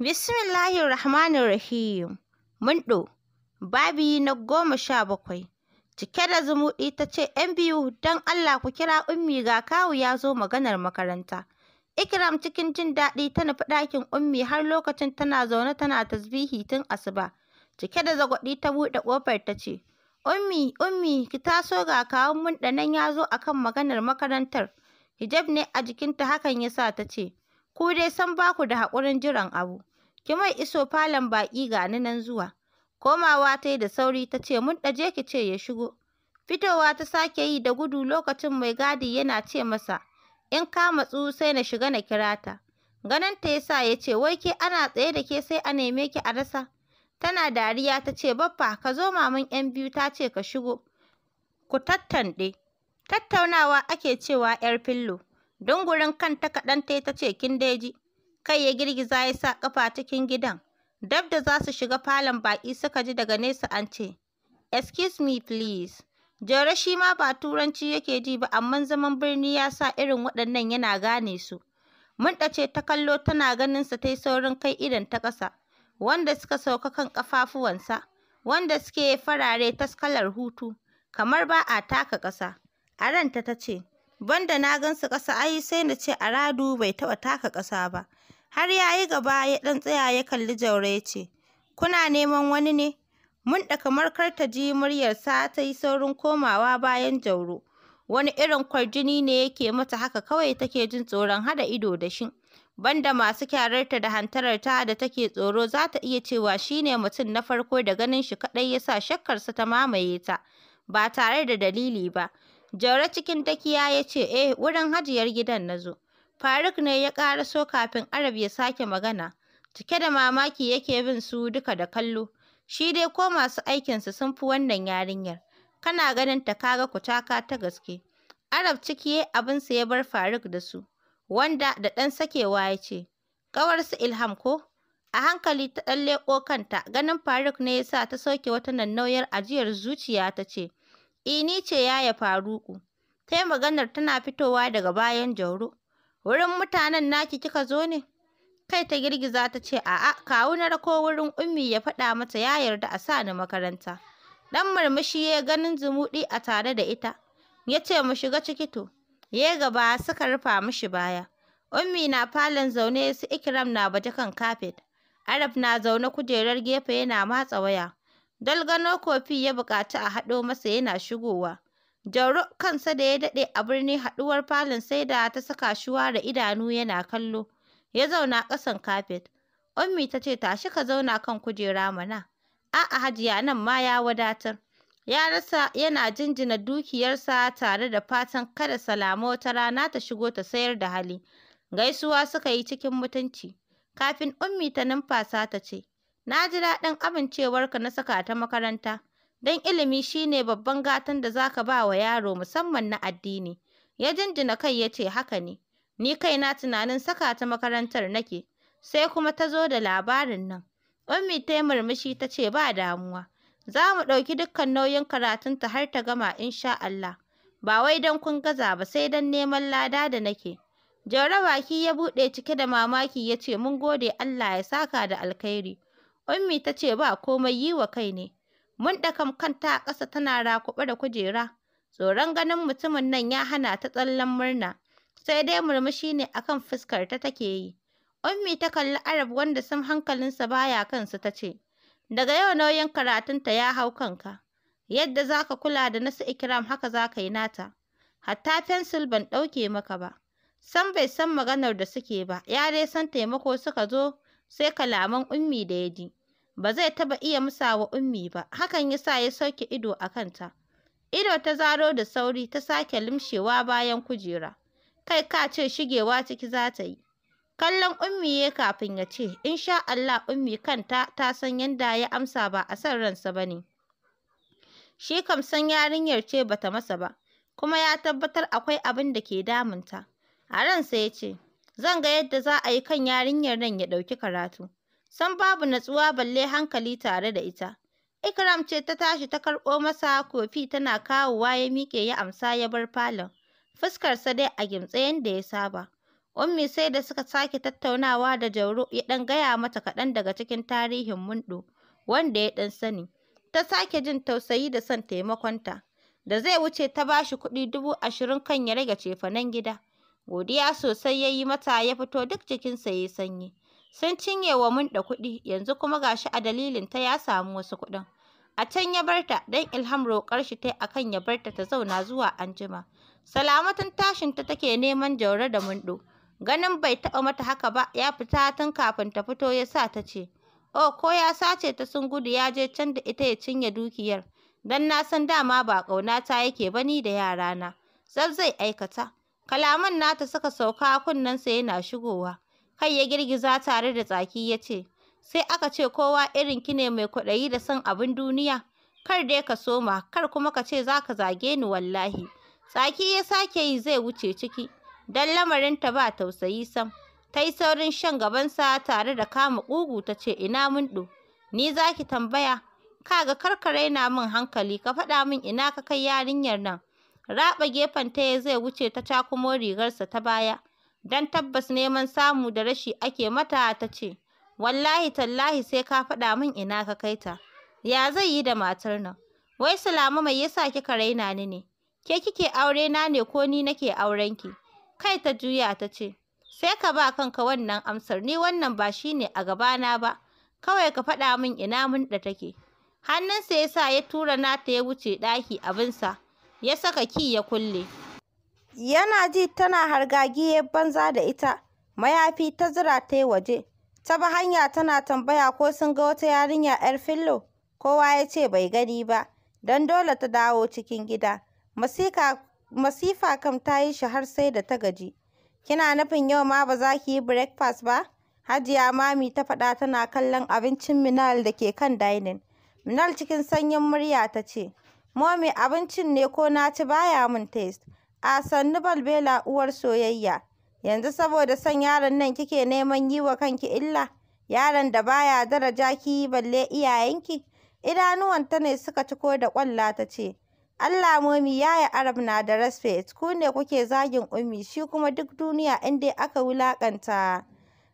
Bismillahir Rahmanir Rahim. Mundo, babi na goma sha bakwai. Cike da zumuɗi ta ce ‘yan biyu don Allah ku kira ummi ga kawu ya zo maganar makaranta. Ikram cikin jin daɗi ta nufi ɗakin ummi har lokacin tana zaune tana tasbihi tun asuba. Cike da zagwaɗi ta buɗe ƙofar ta ce, Ummi, ummi, ki taso ga kawun mun nan ya zo akan maganar makarantar. Hijab ne a jikinta hakan ya sa ta ce, ku dai san ba ku da haƙurin jiran abu. Ki mai iso falon baƙi ga ni nan zuwa. Komawa ta yi da sauri ta ce mun ɗaje ki ce ya shigo. Fitowa ta sake yi da gudu lokacin mai gadi yana ce masa in ka matsu sai na shiga na kira ta. Ganin ta yasa ya ce wai ke ana tsaye da ke sai a neme ki a rasa. Tana dariya ta ce baffa ka zo maman yan biyu ta ce ka shigo. Ku tattanɗe. Tattaunawa ake cewa ‘yar fillo. Dungurin kanta kaɗan ta ce kin daji. kai ya girgiza ya sa ƙafa cikin gidan. Dab da za su shiga falon baƙi suka ji daga nesa an ce, Excuse me please. Jauro shi ma ba Turanci yake ji ba, amma zaman birni ya sa irin waɗannan yana gane su. Mun ɗace ta kallo tana ganin sa ta yi saurin kai idan ta ƙasa, wanda suka sauka kan ƙafafuwansa, wanda suke farare taskalar hutu, kamar ba a taka ƙasa. A ranta ta ce, banda na gan su ƙasa ai sai na ce Aradu bai taɓa taka ƙasa ba. Har ya yi gaba ya ɗan tsaya ya kalli Jauro ya ce, Kuna neman wani ne? Mun kamar kar ta ji muryarsa ta yi saurin komawa bayan Jauro. Wani irin kwarjini ne yake mata haka kawai take jin tsoron haɗa ido da shi. Banda masu kyararta da hantararta da take tsoro za ta iya cewa shi ne mutum na farko da ganin shi kaɗai ya sa shakkarsa ta mamaye ta, ba tare da dalili ba. Jauro cikin dakiya ya ce, Eh, wurin hajiyar gidan na zo. Faruk ne ya ƙaraso kafin Arab ya sake magana. Cike da mamaki yake bin su duka da kallo. Shi dai ko masu aikinsa sun fi wannan yarinyar. Kana ganin ta kaga kutaka ta gaske. Arab ciki ya abinsa ya bar Faruk da su, wanda da ɗan sakewa ya ce, ƙawarsu Ilham ko? A hankali ta ɗan leƙo kanta, ganin Faruk ne ya sa ta sauke wata nannauyar ajiyar zuciya ta ce, Ini eh, ce ya yaya Faruku. Ta yi maganar tana fitowa daga bayan Jauro. wurin mutanen naki kika zo ne kai ta girgiza ta ce a'a kawu na rako wurin ummi ya faɗa mata ya yarda a sa ni makaranta dan murmushi ya ganin zumuɗi a tare da ita ya ce mu shiga ciki to ya gaba suka rufa mishi baya ummi na falon zaune su ikram na baje kan kafet arab na zaune kujerar gefe yana matsa waya dalgano kofi ya buƙaci a haɗo masa yana shigowa Jauro kansa da ya daɗe a birni haɗuwar falon sai da ta saka shi ware idanu yana kallo. Ya zauna ƙasan kafet. Ummi ta ce tashi ka zauna kan kujera mana. A'a Hajiya nan ma ya wadatar. Ya rasa yana jinjina dukiyarsa tare da fatan kada salamo ta rana ta shigo ta sayar da hali. Gaisuwa suka yi cikin mutunci. Kafin Ummi ta numfasa ta ce, Na ji daɗin amincewarka na saka ta makaranta. don ilimi shi ne babban gatan da za ka ba wa yaro musamman na addini. Ya jinjina kai ya ce haka ne, ni kaina tunanin saka ta makarantar nake, sai kuma ta zo da labarin nan. Ummi ta yi murmushi ta ce ba damuwa, za mu ɗauki dukkan nauyin karatunta har ta gama insha Allah. Ba wai don kun gaza ba sai don neman lada da nake. Jauro baki ya buɗe cike da mamaki ya ce mun gode Allah ya saka da alkhairi. Ummi ta ce ba komai yi wa kai ne. mun kam kanta a ƙasa tana rakuɓe da kujera. Tsoron ganin mutumin nan ya hana ta tsallen murna, sai dai murmushi ne akan ta take yi. Ummi ta kalli Arab wanda sam hankalinsa baya kansa ta ce, Daga yau nauyin karatunta ya hau kanka, yadda za ka kula da nasu ikiram haka za ka yi nata, hatta fensil ban ɗauke maka ba. Sam bai san maganar da suke ba, ya dai san taimako suka zo sai kalaman ummi da ya ji. ba zai taɓa iya musawa ummi ba hakan ya sa ya sauke ido a kanta ido ta zaro da sauri ta sake limshewa bayan kujera kai ka ce shigewa ciki za ta yi kallon ummi ya kafin ya ce sha Allah ummi kanta ta san yadda ya amsa ba a san ransa ba ne shi kam san yarinyar ce bata masa ba kuma ya tabbatar akwai abin da ke damunta a ransa ya ce zan ga yadda za a yi kan yarinyar nan ya ɗauki karatu san babu natsuwa balle hankali tare da ita. Ikram ce ta tashi ta karɓo masa kofi tana kawowa ya miƙe ya amsa ya bar falon. Fuskarsa dai a gimtse yadda ya saba. Ummi sai da suka sake tattaunawa da Jauro ya ɗan gaya mata kaɗan daga cikin tarihin Mundo wanda ya ɗan sani. Ta sake jin tausayi da son taimakonta. Da zai wuce ta ba shi kuɗi dubu ashirin kan ya rage cefanen gida. Godiya sosai ya yi mata ya fito duk jikinsa ya yi sanyi. Sun cinye wa da kuɗi, yanzu kuma ga shi a dalilin ta ya samu wasu kuɗin. A can ya barta, dan Ilham roƙar shi tai akan ya barta ta zauna zuwa anjima. salamatun tashin ta take neman Jauro da Mundo. Ganin bai taɓa mata haka ba, ya fita tun kafin ta fito ya sa ta ce, Oh, ko ya sace ta sun gudu ya je can da ita ya cinye dukiyar, dan na san dama ba ƙauna ta yake ba ni da yarana. Zab zai aikata. Kalaman nata suka sauka kunnensa yana shigowa. Kai ya girgiza tare da tsaki ya ce, Sai aka ce kowa irin ki ne mai kwaɗayi da son abin duniya, kar dai ka soma, kar kuma ka ce za ka zage ni wallahi. Tsaki ya sake yi zai wuce ciki, don lamarinta ba tausayi sam. Ta yi saurin shan gabansa tare da kama ƙugu ta ce, Ina mun ɗo, ni za ki tambaya, Ka ga ka na min hankali, ka faɗa min ina ka kai yarinyar nan. Raɓa gefen ta ya zai wuce ta cakumo rigarsa ta baya. don tabbas neman samu da rashi ake mata ta ce, wallahi tallahi sai ka faɗa min ina ka kai ta, ya zai yi da matar nan, wai Salamu mai yasa kika raina ni ne, ke kike aure na ne ko ni nake aurenki, kai ta juya ta ce, sai ka ba kanka wannan amsar ni wannan ba shi ne a gabana ba, kawai ka faɗa min ina da take. Hannunsa ya sa ya tura nata ya wuce ɗaki abinsa, ya saka ki ya kulle. Yana ji tana hargagiyar banza da ita, mayafi ta zira ta yi waje. Ta bi hanya tana tambaya ko sun ga wata yarinya 'yar fillo, kowa ya ce bai gani ba, don dole ta dawo cikin gida. Masifa kam ta yi shi har sai da ta gaji. Kina nufin yau ma ba za ki yi breakfast ba? Hajiya Mami ta faɗa tana kallon abincin Minal da ke kan dining. Minal cikin sanyin murya ta ce, Mommy abincin ne ko na ci baya mun taste. A sannu Balbela uwar soyayya, yanzu saboda son yaron nan kike neman yi wa kanki illa, yaron da baya daraja ki balle iyayenki. Idanuwanta ne suka ciko da ƙwalla ta ce, Allah momi yaya Arab na da respect, ku ne kuke zagin ummi shi kuma duk duniya in dai aka wulaƙanta.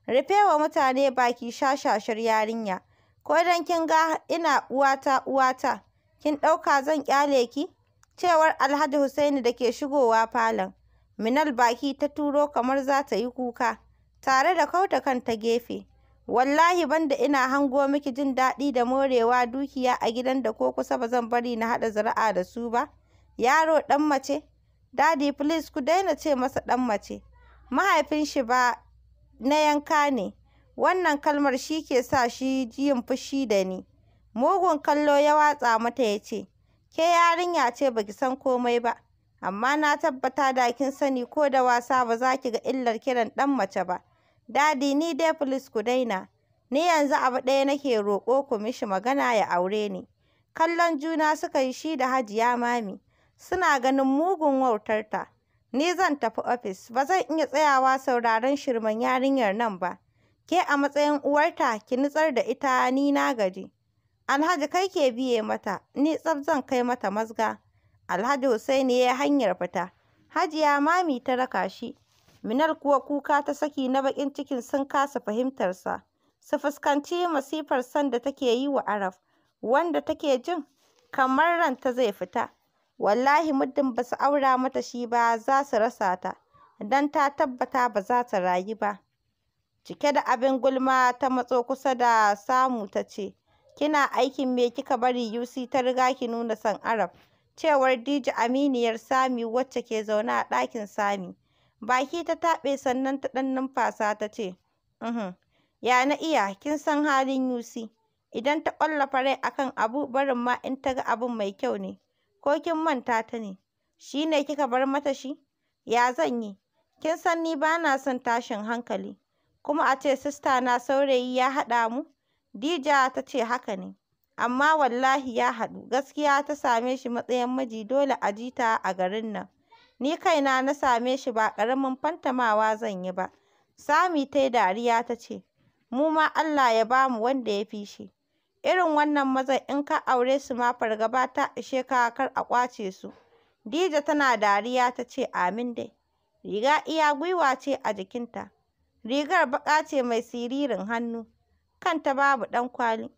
Rufe wa mutane baki shashashar yarinya, ko don kin ga ina uwata uwata, kin ɗauka zan ƙyale ki? cewar Alhaji Hussaini da ke shigowa falon. Minal baki ta turo kamar za ta yi kuka, tare da kauta kanta gefe. Wallahi banda ina hango miki jin daɗi da morewa dukiya a gidan da ko kusa ba zan bari na haɗa zara'a da su ba. Yaro ɗan mace, Dadi, please ku daina ce masa ɗan mace. Mahaifin shi ba na yanka ne. Wannan kalmar shi ke sa shi yin fushi da ni. Mugun kallo ya watsa mata ya ce, Ke yarinya ce baki san komai ba, amma na tabbata da kin sani ko da wasa ba za ki ga illar kiran ɗan mace ba. Dadi ni dai please ku daina. Ni yanzu abu ɗaya nake roƙo ku mishi magana ya aure ni. Kallon juna suka yi shi da Hajiya Mami. Suna ganin mugun wautarta. Ni zan tafi ofis, ba zan iya tsayawa sauraron shirman yarinyar nan ba. Ke a matsayin uwarta ki nutsar da ita ni na gaji. Alhaji kai ke biye mata, ni tsaf zan kai mata mazga. Alhaji Hussaini ya yi hanyar fita. Hajiya Mami ta raka shi. Minal kuwa kuka ta saki na bakin cikin sun kasa fahimtarsa. Su fuskanci masifar son da take yi wa Araf, wanda take jin kamar ranta zai fita. Wallahi muddin ba su aura mata shi ba za su rasa ta, don ta tabbata ba za ta rayu ba. Cike da abin gulma ta matso kusa da Samu ta ce, Kina aikin me kika bari UC ta riga ki nuna san Arab. Cewar Dija aminiyar Sami wacce ke zaune a ɗakin Sami. Baki ta taɓe sannan ta ɗan numfasa ta ce, Uhum, ya na iya, kin san halin UC. Idan ta ƙwallafa rai akan abu barin ma in ta ga abun mai kyau ne. Ko kin manta ta ne. Shi ne kika bar mata shi? Ya zan yi? Kin san ni bana son tashin hankali. Kuma a ce sista na saurayi ya haɗa mu? Dija ta ce haka ne, amma wallahi ya haɗu, gaskiya ta same shi matsayin miji dole a ji ta a garin nan. Ni kaina na same shi ba ƙaramin fantamawa zan yi ba. Sami ta yi dariya ta ce, mu ma Allah ya ba mu wanda ya fi shi. Irin wannan mazan in ka aure su ma fargaba ta ishe ka kar a ƙwace su. Dija tana dariya ta ce amin dai. Riga iya gwiwa ce a jikinta. Rigar baƙa ce mai siririn hannu. kanta babu kwali.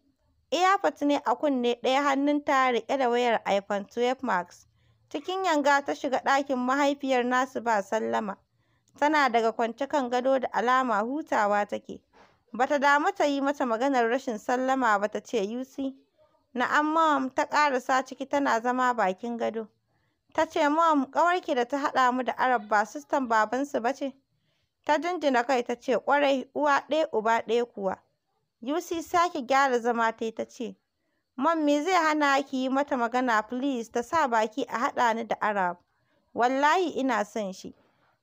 Iyafat ne a kunne ɗaya hannunta rike da wayar iPhone 12 Max. Cikin yanga ta shiga ɗakin mahaifiyar nasu ba sallama. Tana daga kwance kan gado da alama hutawa take. Bata damu ta yi mata maganar rashin sallama ba ta ce Yusi. Na'am mom ta ƙarasa ciki tana zama bakin gado. Ta ce mom ƙawarki da ta haɗa mu da Arab ba sistan babansu ba ce. Ta jinjina kai ta ce ƙwarai uwa ɗaya uba ɗaya kuwa. UC sake gyara zama ta yi ta ce, "Mun me zai hana ki yi mata magana please ta sa baki a haɗa ni da Arab. Wallahi ina son shi.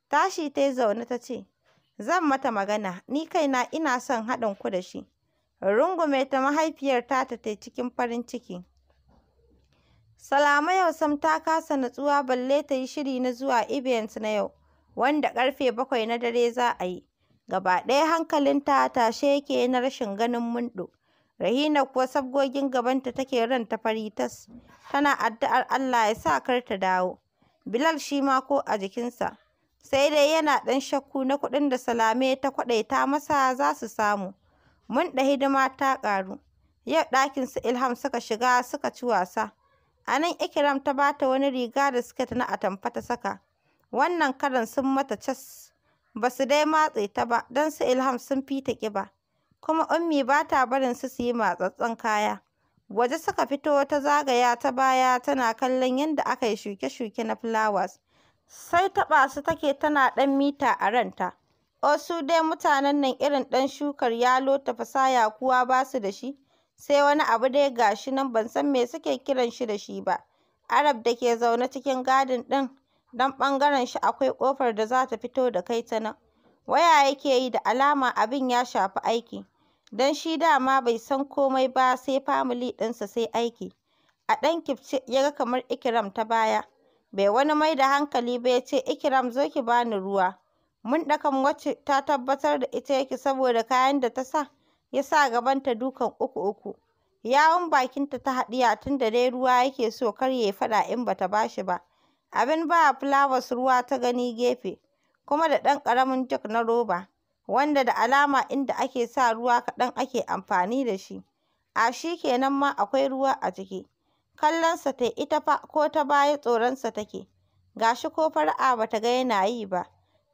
Tashi ta yi zaune ta ce, Zan mata magana, ni kaina ina son haɗin ku da shi. Rungume ta mahaifiyar tata ta cikin farin ciki. Salama yau sam ta kasa natsuwa balle ta yi shiri na zuwa Evans na yau, wanda ƙarfe bakwai na dare za a yi. Gaba ɗaya hankalinta a tashe yake na rashin ganin Munɗo. Rahina kuwa sabgogin gabanta take ta fari tas. Tana addu'ar Allah ya sa kar ta dawo. Bilal shi ma ko a jikinsa. Sai dai yana ɗan shakku na kuɗin da Salame ta kwaɗaita masa za su samu. Mun Munɗa hidima ta ƙaru. Yau ɗakin su Ilham suka shiga suka ci wasa. A nan Ikiram ta bata wani riga da siket na atamfa ta saka. Wannan karan sun mata cas. ba su dai matse ta ba don su Ilham sun fi ta ƙiba. Kuma Ummi ba ta barin su su yi matsatsen kaya. Waje suka fito ta zagaya ta baya tana kallon yadda aka yi shuke-shuke na flowers. Sai taɓa su take tana ɗan mita a ranta. Osu dai mutanen nan irin ɗan shukar yalo ta fasaya kuwa ba su da shi. Sai wani abu dai gashi nan ban san me suke kiran shi da shi ba. Arab da ke zaune cikin gadin ɗin don ɓangaren shi akwai ƙofar da za ta fito da kai ta nan. Waya yake yi da alama abin ya shafi aiki, don shi dama bai san komai ba sai famili ɗinsa sai aiki. A ɗan kifce ya ga kamar Ikiram ta baya, bai wani mai da hankali ba ya ce Ikiram zo ki bani ruwa. Mun ɗakan wacce ta tabbatar da ita yake saboda kayan da ta sa, ya sa gabanta dukan uku-uku. Yawun bakinta ta haɗiya tun da dai ruwa yake so kar ya faɗa in bata ba shi ba. Abin ba fulawas ruwa ta gani gefe, kuma da ɗan ƙaramin jug na roba, wanda da alama inda ake sa ruwa kaɗan ake amfani da shi, a shi kenan ma akwai ruwa a ciki. Kallonsa tai ita fa ko ta baya tsoronsa take, ga shi ko fara'a ba ta ga yana yi ba,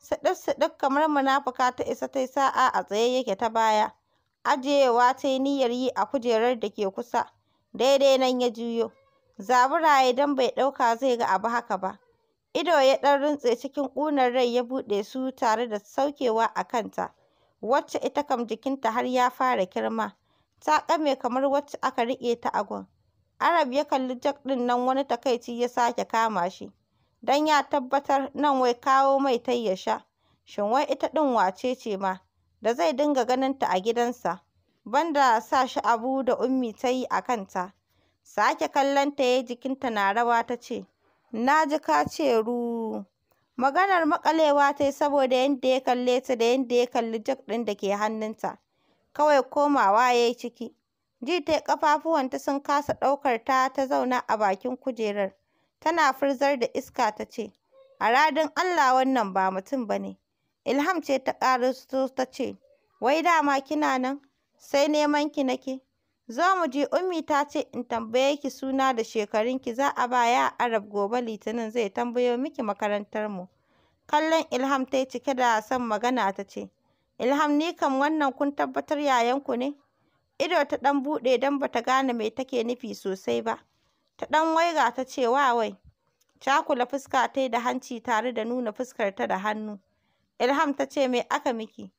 siɗif-siɗif kamar munafuka ta isa tai sa'a a tsaye yake ta baya, ajiyewa tai niyyar yi a kujerar da ke kusa, daidai nan ya juyo. zabura ya don bai ɗauka zai ga abu haka ba. Ido ya ɗan runtse cikin ƙunar rai ya buɗe su tare da saukewa a kanta, wacce ita kam jikinta har ya fara kirma, ta ƙame kamar wacce aka riƙe ta a gun. Arab ya kalli jak ɗin nan wani takaici ya sake kama shi, Dan ya tabbatar nan wai kawo mai tai ya sha, shin wai ita ɗin wace ce ma, da zai dinga ganin ta a gidansa, banda sa shi abu da Ummi ta yi a kanta. Sake ta ya jikinta na rawa ta ce, na ji ka ce ru Maganar makalewa ta yi saboda yadda ya kalle ta da yadda ya kalli jak ɗin da ke hannunta. Kawai komawa ya yi ciki. Ji ta ƙafafuwanta sun kasa ɗaukar ta ta zauna a bakin kujerar. Tana furzar da iska ta ce, a radin Allah wannan ba mutum ba ne. Ilham ce ta su ta ce, wai dama kina nan, sai neman ki nake. Zo mu je, Ummi ta ce in tambaye ki suna da shekarunki, za a baya Arab gobe Litinin zai tambayo miki makarantarmu. Kallon Ilham ta yi cike da son magana ta ce, Ilham ni kam wannan kun tabbatar yayan ku ne? Ido ta ɗan buɗe don ba ta gane me take nufi sosai ba. Ta ɗan waiga ta ce wa wai. Cakula fuska ta yi da hanci tare da nuna fuskarta da hannu. Ilham ta ce me aka miki?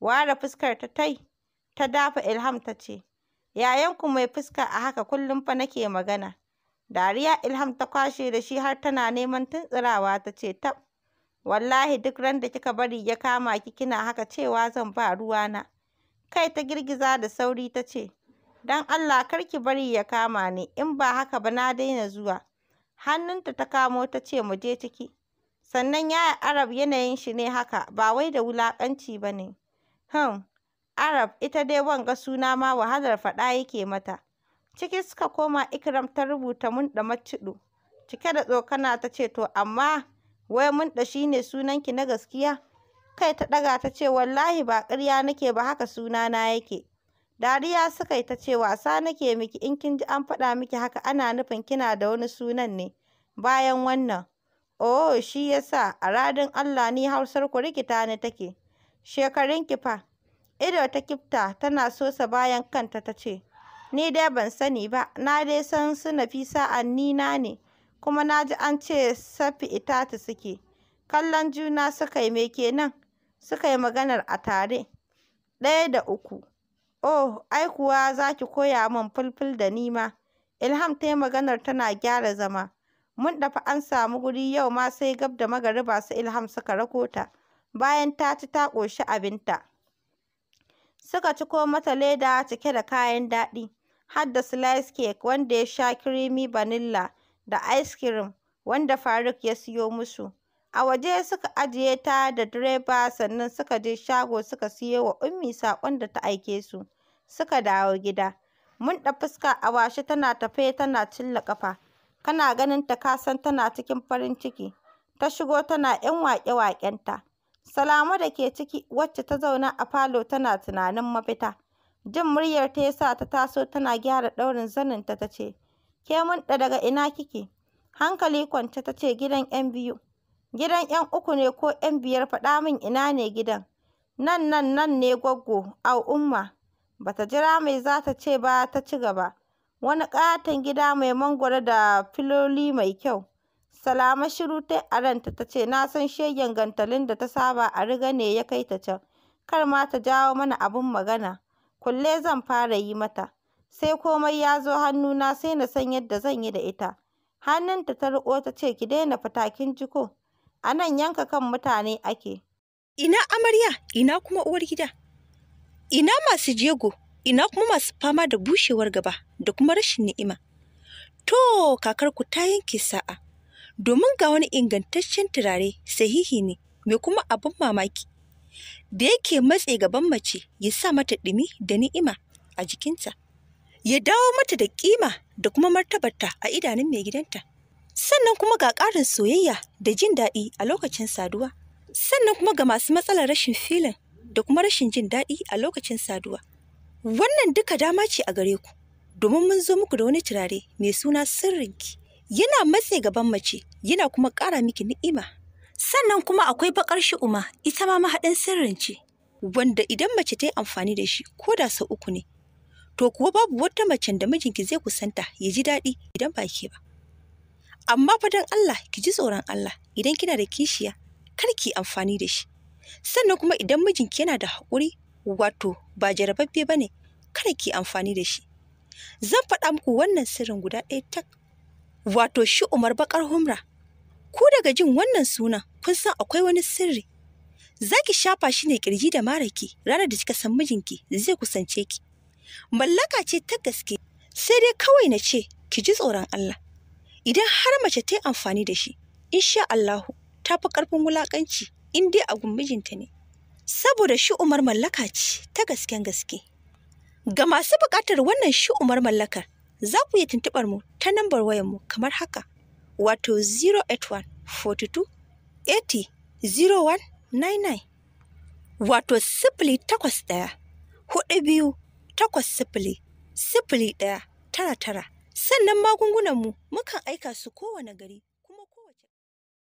Ware fuskar ta tai, ta dafa Ilham ta ce, yayanku mai fuska a haka kullum fa nake magana dariya ilham ta kwashe da shi har tana neman tuntsirawa ta ce tab wallahi duk ran da kika bari ya kama ki kina haka cewa zan ba ruwana kai ta girgiza da sauri ta ce don allah kar ki bari ya kama ni in ba haka ba na daina zuwa hannunta ta kamo ta ce mu je ciki sannan yaya arab yanayin shi ne haka ba wai da wulaƙanci ba ne hmm Arab ita dai wanga suna ma wahalar faɗa yake mata. Ciki suka koma Ikram ta rubuta Munda Macciɗo. Cike da tsokana ta ce to amma wai munɗa shi ne sunanki na gaskiya? Kai ta ɗaga ta ce wallahi ba ƙarya nake ba haka suna na yake. Dariya suka yi ta ce wasa nake miki in kin ji an faɗa miki haka ana nufin kina da wani sunan ne. Bayan wannan, oh shi yasa a radin Allah ni Hausar ku rikita ni take. Shekarun ki fa Ido ta kifta tana sosa bayan kanta ta ce, Ni dai ban sani ba, na dai san su Nafisa annina ne, kuma na ji an ce safi itatu suke. Kallon juna suka yi me kenan? Suka yi maganar a tare. Ɗaya da uku. Oh, ai kuwa za ki koya min fulful da nima Ilham ta yi maganar tana gyara zama. Mun dafa an samu guri yau ma sai gab da magariba su Ilham suka rakota Bayan ta ci ta ƙoshi abinta. Suka ciko mata leda cike da kayan daɗi, har da slice cake wanda ya sha kirimi vanilla da ice cream wanda Faruk ya siyo musu. A waje suka ajiye ta da direba sannan suka je shago suka siyo wa Ummi saƙon da ta aike su. Suka dawo gida. Mun Munɗa fuska a washe tana tafe tana cilla ƙafa. Kana ganin ta ka san tana cikin farin ciki. Ta shigo tana 'yan waƙe-waƙenta. Salamu da ke ciki, wacce ta zauna a falo tana tunanin mafita, jin muryarta ya sa ta taso tana gyara ɗaurin zaninta ta ce, Ke mun daga ina kike? Hankali kwance ta ce gidan 'yan biyu. Gidan 'yan uku ne ko 'yan biyar faɗa min ina ne gidan. Nan nan nan ne gwaggo, a umma. Bata jira mai za ta ce ba ta ci gaba. Wani ƙaton gida mai mangwaro da filoli mai kyau. Salama shiru ta yi ta ce, na san shegen gantalin da ta saba a riga ne ya kai ta can, kar ma ta jawo mana abin magana, kulle zan fara yi mata, sai komai ya zo hannuna sai na san yadda zan yi da ita. Hannunta ta riƙo ta ce, ki daina fatakin jiko, a nan yanka kan mutane ake. Ina amarya, ina kuma uwar gida, ina masu jego, ina kuma masu fama da bushewar gaba da kuma rashin ni'ima. To, kakarku ta yanke sa'a. domin ga wani ingantaccen turare sahihi ne mai kuma abin mamaki da yake matse gaban mace ya sa mata ɗumi da ni'ima a jikinta ya dawo mata da ƙima da kuma martabarta a idanun mai gidanta sannan kuma ga ƙarin soyayya da jin daɗi a lokacin saduwa sannan kuma ga masu matsalar rashin filin da kuma rashin jin daɗi a lokacin saduwa wannan duka dama ce a gare ku domin mun zo muku da wani turare mai suna sirrinki yana matse gaban mace yana kuma ƙara miki ni'ima sannan kuma akwai bakar shi'uma ita ma mahaɗin sirrin ce wanda idan mace ta yi amfani da shi ko da sau uku ne to kuwa babu wata macen da mijinki zai kusanta ya ji daɗi idan ba ke ba amma fadan Allah ki ji tsoron Allah idan kina da kishiya kar ki amfani da shi sannan kuma idan mijinki yana da haƙuri wato ba jarababbe ba ne kar ki amfani da shi zan faɗa muku wannan sirrin guda ɗaya tak wato shi Umar Bakar Humra. Ku daga jin wannan sunan kun san akwai wani sirri. zaki shafa shi ne kirji da maraki ranar da kika san mijinki zai kusance ki. Mallaka ce ta gaske sai dai kawai na ce ki ji tsoron Allah. Idan har mace ta yi amfani da shi, insha Allahu ta fi ƙarfin wulaƙanci in dai a mijinta ne. Saboda shi Umar mallaka ce ta gasken gaske. Ga masu buƙatar wannan shi Umar mallakar, za ku iya tuntuɓar mu ta nambar mu kamar haka wato 081 42 80 wato sifili takwas ɗaya hudu biyu takwas sifili sifili ɗaya tara tara sannan magungunanmu mukan aika su kowane gari